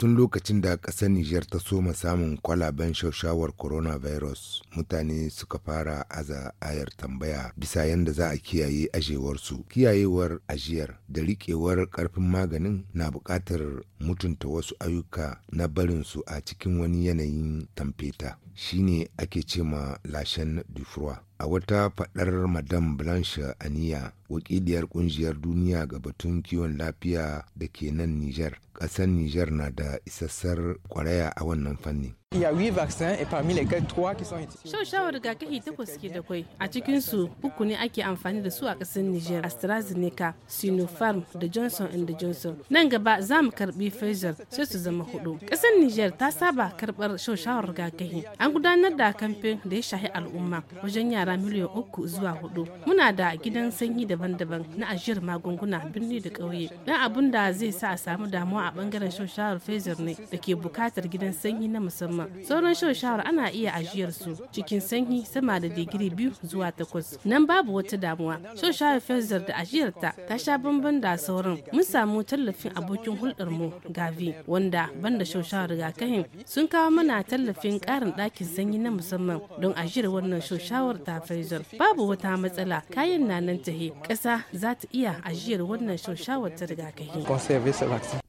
tun lokacin da ƙasar Nijar ta soma samun kwalaben shaushawar coronavirus mutane suka fara aza ayar tambaya bisa yadda za a kiyaye ajewarsu. Kiyayewar ajiyar da riƙewar ƙarfin maganin na buƙatar mutunta wasu ayyuka na barinsu a cikin wani yanayin tamfeta. Shine ake ce ma lashen dufruwa a wata fadar madam blanche aniya wakiliyar kungiyar duniya ga batun kiwon lafiya da ke nan niger ƙasar niger na da isassar kwaraya a wannan fannin Il y a 8 vaccins et parmi lesquels qui sont utilisés. Shaushawar rigakafi takwas ke da kwai. A cikin su uku ne ake amfani da su a ƙasar Niger, AstraZeneca, Sinopharm da Johnson and Johnson. Nan gaba za mu karbi Pfizer sai su zama hudu. Ƙasar Niger ta saba karbar shaushawar rigakafi. An gudanar da kamfen da ya shahi al'umma wajen yara miliyan uku zuwa hudu. Muna da gidan sanyi daban-daban na ajiyar magunguna birni da ƙauye. Dan abun da zai sa a samu damuwa a bangaren shaushawar Pfizer ne da ke bukatar gidan sanyi na musamman. goma sauran shan shawar ana iya ajiyar su cikin sanyi sama da digiri biyu zuwa takwas nan babu wata damuwa shan shawar fezzer da ajiyar ta ta sha bambam da sauran mun samu tallafin abokin hulɗar mu gavi wanda banda shan shawar rigakafin sun kawo mana tallafin ƙarin ɗakin sanyi na musamman don ajiyar wannan shan shawar ta fezzer babu wata matsala kayan na nan tahe ƙasa za ta iya ajiyar wannan shan shawar ta rigakafi.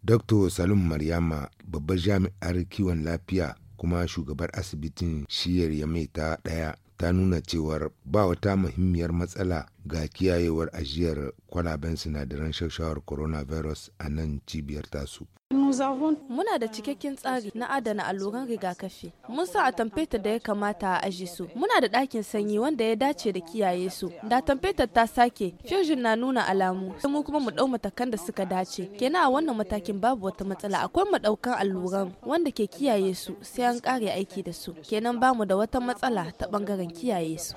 Dr. Salim Maryama babbar jami'ar kiwon lafiya kuma shugabar asibitin shiyar ya mai ta ɗaya ta nuna cewar ba wata muhimmiyar matsala ga kiyayewar ajiyar kwalaben sinadaran shashawar coronavirus a nan cibiyar tasu. Muna da cikakken tsari na adana alluran rigakafi. Mun sa a tamfeta da ya kamata a aji su. Muna da ɗakin sanyi wanda ya dace da kiyaye su. Da tamfetar ta sake, fusion na nuna alamu. Sai mu kuma mu ɗau matakan da suka dace. Kenan a wannan matakin babu wata matsala. Akwai mu maɗaukan alluran wanda ke kiyaye su sai an kare aiki da su. Kenan bamu da wata matsala ta ɓangaren kiyaye su.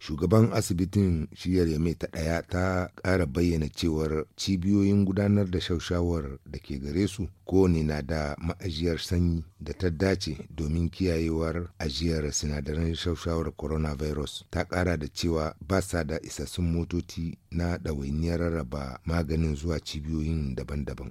shugaban asibitin shiyar yame ta ɗaya ta ƙara bayyana cewar cibiyoyin gudanar da shaushawar da ke gare su kowane na da ma'ajiyar sanyi da ta dace domin kiyayewar ajiyar sinadaran shaushawar coronavirus ta ƙara da cewa ba sa da isassun motoci na ɗawainiyar rarraba maganin zuwa cibiyoyin daban-daban.